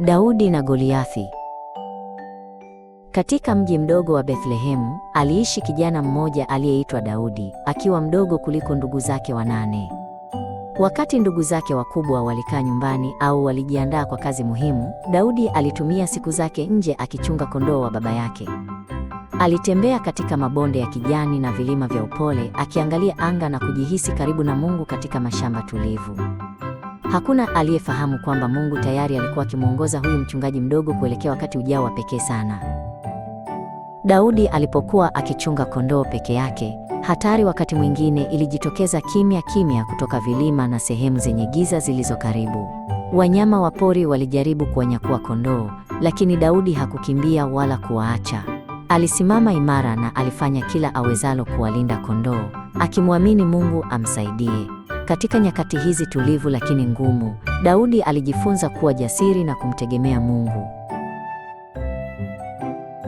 Daudi na Goliathi. Katika mji mdogo wa Bethlehemu aliishi kijana mmoja aliyeitwa Daudi, akiwa mdogo kuliko ndugu zake wanane. Wakati ndugu zake wakubwa walikaa nyumbani au walijiandaa kwa kazi muhimu, Daudi alitumia siku zake nje akichunga kondoo wa baba yake. Alitembea katika mabonde ya kijani na vilima vya upole, akiangalia anga na kujihisi karibu na Mungu katika mashamba tulivu. Hakuna aliyefahamu kwamba Mungu tayari alikuwa akimwongoza huyu mchungaji mdogo kuelekea wakati ujao wa pekee sana. Daudi alipokuwa akichunga kondoo peke yake, hatari wakati mwingine ilijitokeza kimya kimya kutoka vilima na sehemu zenye giza zilizo karibu. Wanyama wa pori walijaribu kuwanyakua kondoo, lakini Daudi hakukimbia wala kuwaacha. Alisimama imara na alifanya kila awezalo kuwalinda kondoo, akimwamini Mungu amsaidie. Katika nyakati hizi tulivu lakini ngumu, Daudi alijifunza kuwa jasiri na kumtegemea Mungu.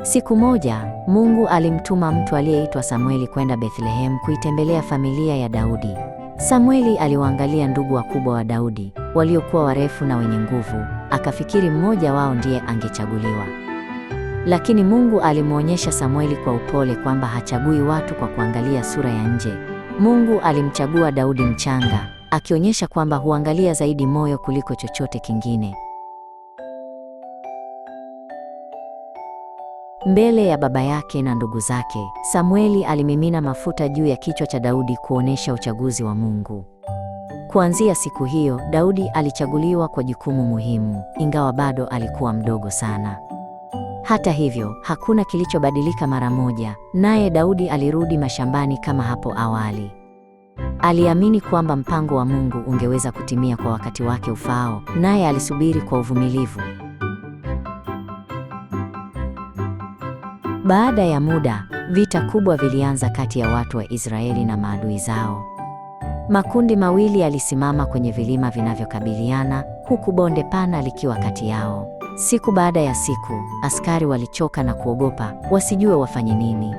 Siku moja, Mungu alimtuma mtu aliyeitwa Samueli kwenda Bethlehem kuitembelea familia ya Daudi. Samueli aliwaangalia ndugu wakubwa wa Daudi, waliokuwa warefu na wenye nguvu, akafikiri mmoja wao ndiye angechaguliwa. Lakini Mungu alimwonyesha Samueli kwa upole kwamba hachagui watu kwa kuangalia sura ya nje, Mungu alimchagua Daudi mchanga, akionyesha kwamba huangalia zaidi moyo kuliko chochote kingine. Mbele ya baba yake na ndugu zake, Samueli alimimina mafuta juu ya kichwa cha Daudi kuonesha uchaguzi wa Mungu. Kuanzia siku hiyo, Daudi alichaguliwa kwa jukumu muhimu, ingawa bado alikuwa mdogo sana. Hata hivyo, hakuna kilichobadilika mara moja, naye Daudi alirudi mashambani kama hapo awali. Aliamini kwamba mpango wa Mungu ungeweza kutimia kwa wakati wake ufaao, naye alisubiri kwa uvumilivu. Baada ya muda, vita kubwa vilianza kati ya watu wa Israeli na maadui zao. Makundi mawili yalisimama kwenye vilima vinavyokabiliana, huku bonde pana likiwa kati yao. Siku baada ya siku, askari walichoka na kuogopa, wasijue wafanye nini.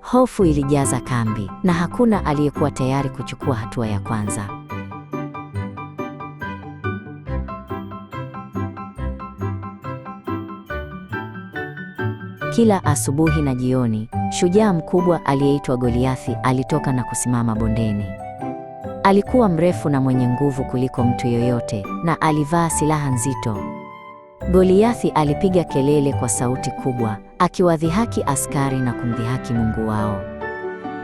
Hofu ilijaza kambi na hakuna aliyekuwa tayari kuchukua hatua ya kwanza. Kila asubuhi na jioni, shujaa mkubwa aliyeitwa Goliathi alitoka na kusimama bondeni. Alikuwa mrefu na mwenye nguvu kuliko mtu yoyote na alivaa silaha nzito. Goliathi alipiga kelele kwa sauti kubwa, akiwadhihaki askari na kumdhihaki Mungu wao.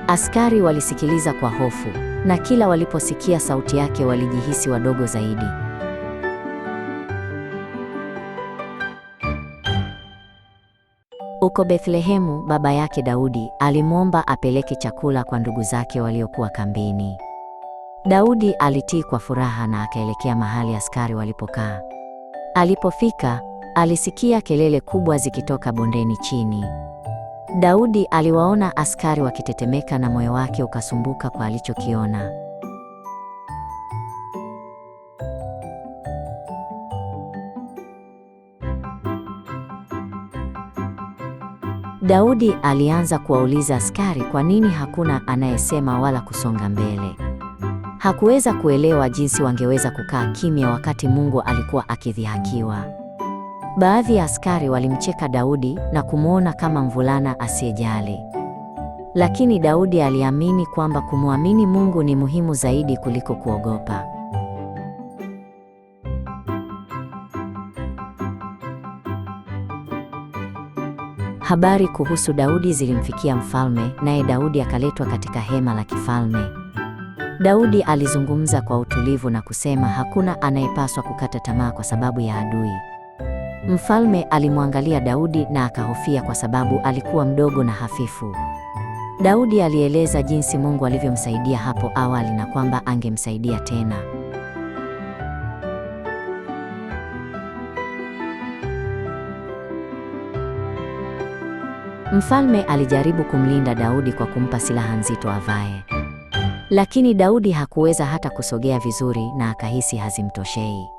Askari walisikiliza kwa hofu, na kila waliposikia sauti yake walijihisi wadogo zaidi. Uko Bethlehemu, baba yake Daudi alimwomba apeleke chakula kwa ndugu zake waliokuwa kambini. Daudi alitii kwa furaha na akaelekea mahali askari walipokaa. Alipofika, alisikia kelele kubwa zikitoka bondeni chini. Daudi aliwaona askari wakitetemeka na moyo wake ukasumbuka kwa alichokiona. Daudi alianza kuwauliza askari kwa nini hakuna anayesema wala kusonga mbele. Hakuweza kuelewa jinsi wangeweza kukaa kimya wakati Mungu alikuwa akidhihakiwa. Baadhi ya askari walimcheka Daudi na kumwona kama mvulana asiyejali. Lakini Daudi aliamini kwamba kumwamini Mungu ni muhimu zaidi kuliko kuogopa. Habari kuhusu Daudi zilimfikia mfalme, naye Daudi akaletwa katika hema la kifalme. Daudi alizungumza kwa utulivu na kusema hakuna anayepaswa kukata tamaa kwa sababu ya adui. Mfalme alimwangalia Daudi na akahofia kwa sababu alikuwa mdogo na hafifu. Daudi alieleza jinsi Mungu alivyomsaidia hapo awali na kwamba angemsaidia tena. Mfalme alijaribu kumlinda Daudi kwa kumpa silaha nzito avae. Lakini Daudi hakuweza hata kusogea vizuri na akahisi hazimtoshei.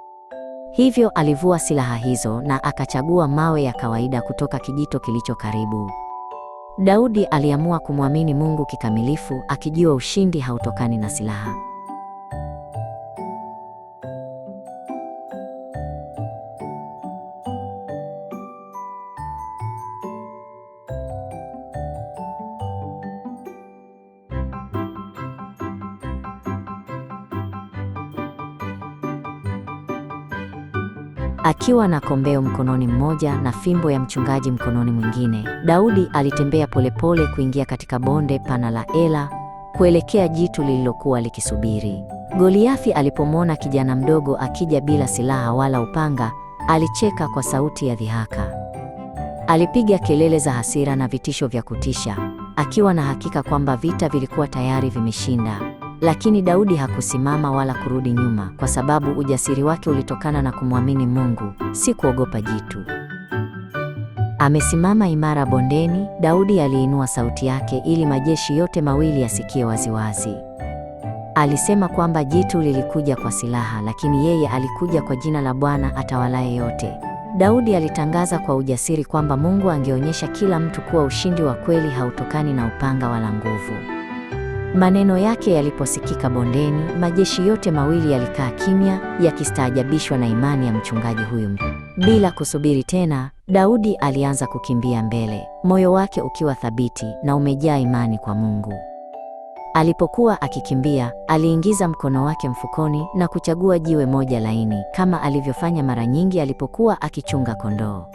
Hivyo alivua silaha hizo na akachagua mawe ya kawaida kutoka kijito kilicho karibu. Daudi aliamua kumwamini Mungu kikamilifu akijua ushindi hautokani na silaha. Akiwa na kombeo mkononi mmoja na fimbo ya mchungaji mkononi mwingine, Daudi alitembea polepole kuingia katika bonde pana la Ela kuelekea jitu lililokuwa likisubiri. Goliathi alipomwona kijana mdogo akija bila silaha wala upanga, alicheka kwa sauti ya dhihaka. Alipiga kelele za hasira na vitisho vya kutisha, akiwa na hakika kwamba vita vilikuwa tayari vimeshinda. Lakini Daudi hakusimama wala kurudi nyuma, kwa sababu ujasiri wake ulitokana na kumwamini Mungu, si kuogopa jitu. Amesimama imara bondeni, Daudi aliinua sauti yake ili majeshi yote mawili yasikie waziwazi. Alisema kwamba jitu lilikuja kwa silaha, lakini yeye alikuja kwa jina la Bwana atawalaye yote. Daudi alitangaza kwa ujasiri kwamba Mungu angeonyesha kila mtu kuwa ushindi wa kweli hautokani na upanga wala nguvu. Maneno yake yaliposikika bondeni, majeshi yote mawili yalikaa kimya, yakistaajabishwa na imani ya mchungaji huyu. Bila kusubiri tena, Daudi alianza kukimbia mbele, moyo wake ukiwa thabiti na umejaa imani kwa Mungu. Alipokuwa akikimbia, aliingiza mkono wake mfukoni na kuchagua jiwe moja laini, kama alivyofanya mara nyingi alipokuwa akichunga kondoo.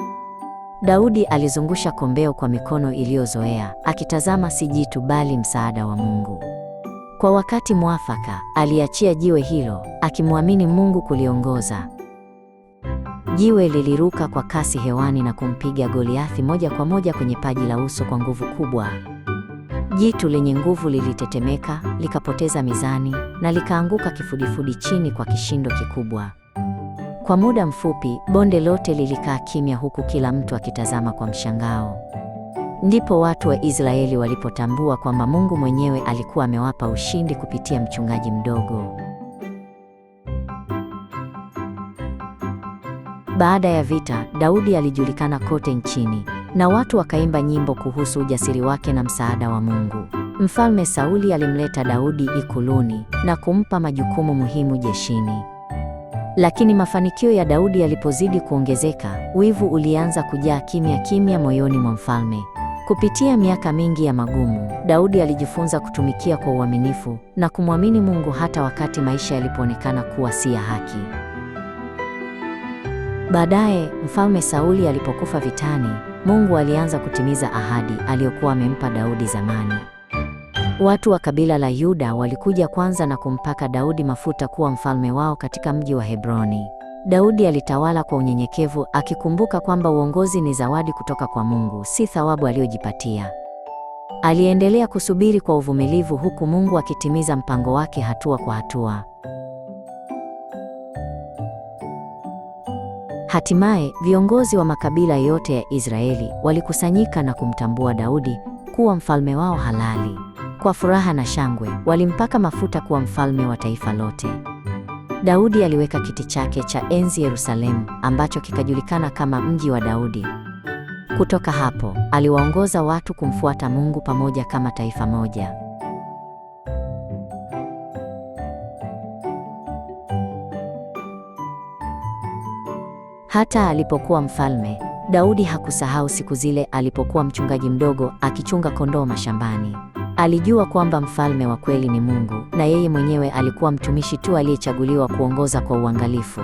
Daudi alizungusha kombeo kwa mikono iliyozoea, akitazama si jitu bali msaada wa Mungu. Kwa wakati mwafaka, aliachia jiwe hilo, akimwamini Mungu kuliongoza. Jiwe liliruka kwa kasi hewani na kumpiga Goliathi moja kwa moja kwenye paji la uso kwa nguvu kubwa. Jitu lenye nguvu lilitetemeka, likapoteza mizani na likaanguka kifudifudi chini kwa kishindo kikubwa. Kwa muda mfupi, bonde lote lilikaa kimya huku kila mtu akitazama kwa mshangao. Ndipo watu wa Israeli walipotambua kwamba Mungu mwenyewe alikuwa amewapa ushindi kupitia mchungaji mdogo. Baada ya vita, Daudi alijulikana kote nchini na watu wakaimba nyimbo kuhusu ujasiri wake na msaada wa Mungu. Mfalme Sauli alimleta Daudi ikuluni na kumpa majukumu muhimu jeshini. Lakini mafanikio ya Daudi yalipozidi kuongezeka, wivu ulianza kujaa kimya kimya moyoni mwa mfalme. Kupitia miaka mingi ya magumu, Daudi alijifunza kutumikia kwa uaminifu na kumwamini Mungu hata wakati maisha yalipoonekana kuwa si ya haki. Baadaye, Mfalme Sauli alipokufa vitani, Mungu alianza kutimiza ahadi aliyokuwa amempa Daudi zamani. Watu wa kabila la Yuda walikuja kwanza na kumpaka Daudi mafuta kuwa mfalme wao katika mji wa Hebroni. Daudi alitawala kwa unyenyekevu, akikumbuka kwamba uongozi ni zawadi kutoka kwa Mungu, si thawabu aliyojipatia. Aliendelea kusubiri kwa uvumilivu, huku Mungu akitimiza mpango wake hatua kwa hatua. Hatimaye, viongozi wa makabila yote ya Israeli walikusanyika na kumtambua Daudi kuwa mfalme wao halali. Kwa furaha na shangwe, walimpaka mafuta kuwa mfalme wa taifa lote. Daudi aliweka kiti chake cha enzi Yerusalemu, ambacho kikajulikana kama mji wa Daudi. Kutoka hapo, aliwaongoza watu kumfuata Mungu pamoja kama taifa moja. Hata alipokuwa mfalme, Daudi hakusahau siku zile alipokuwa mchungaji mdogo akichunga kondoo mashambani. Alijua kwamba mfalme wa kweli ni Mungu na yeye mwenyewe alikuwa mtumishi tu aliyechaguliwa kuongoza kwa uangalifu.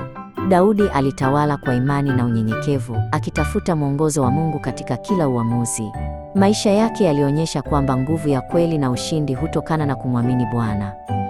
Daudi alitawala kwa imani na unyenyekevu, akitafuta mwongozo wa Mungu katika kila uamuzi. Maisha yake yalionyesha kwamba nguvu ya kweli na ushindi hutokana na kumwamini Bwana.